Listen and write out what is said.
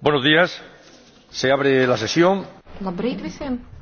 Buenos días. Se abre la sesión. Labrīt visiem.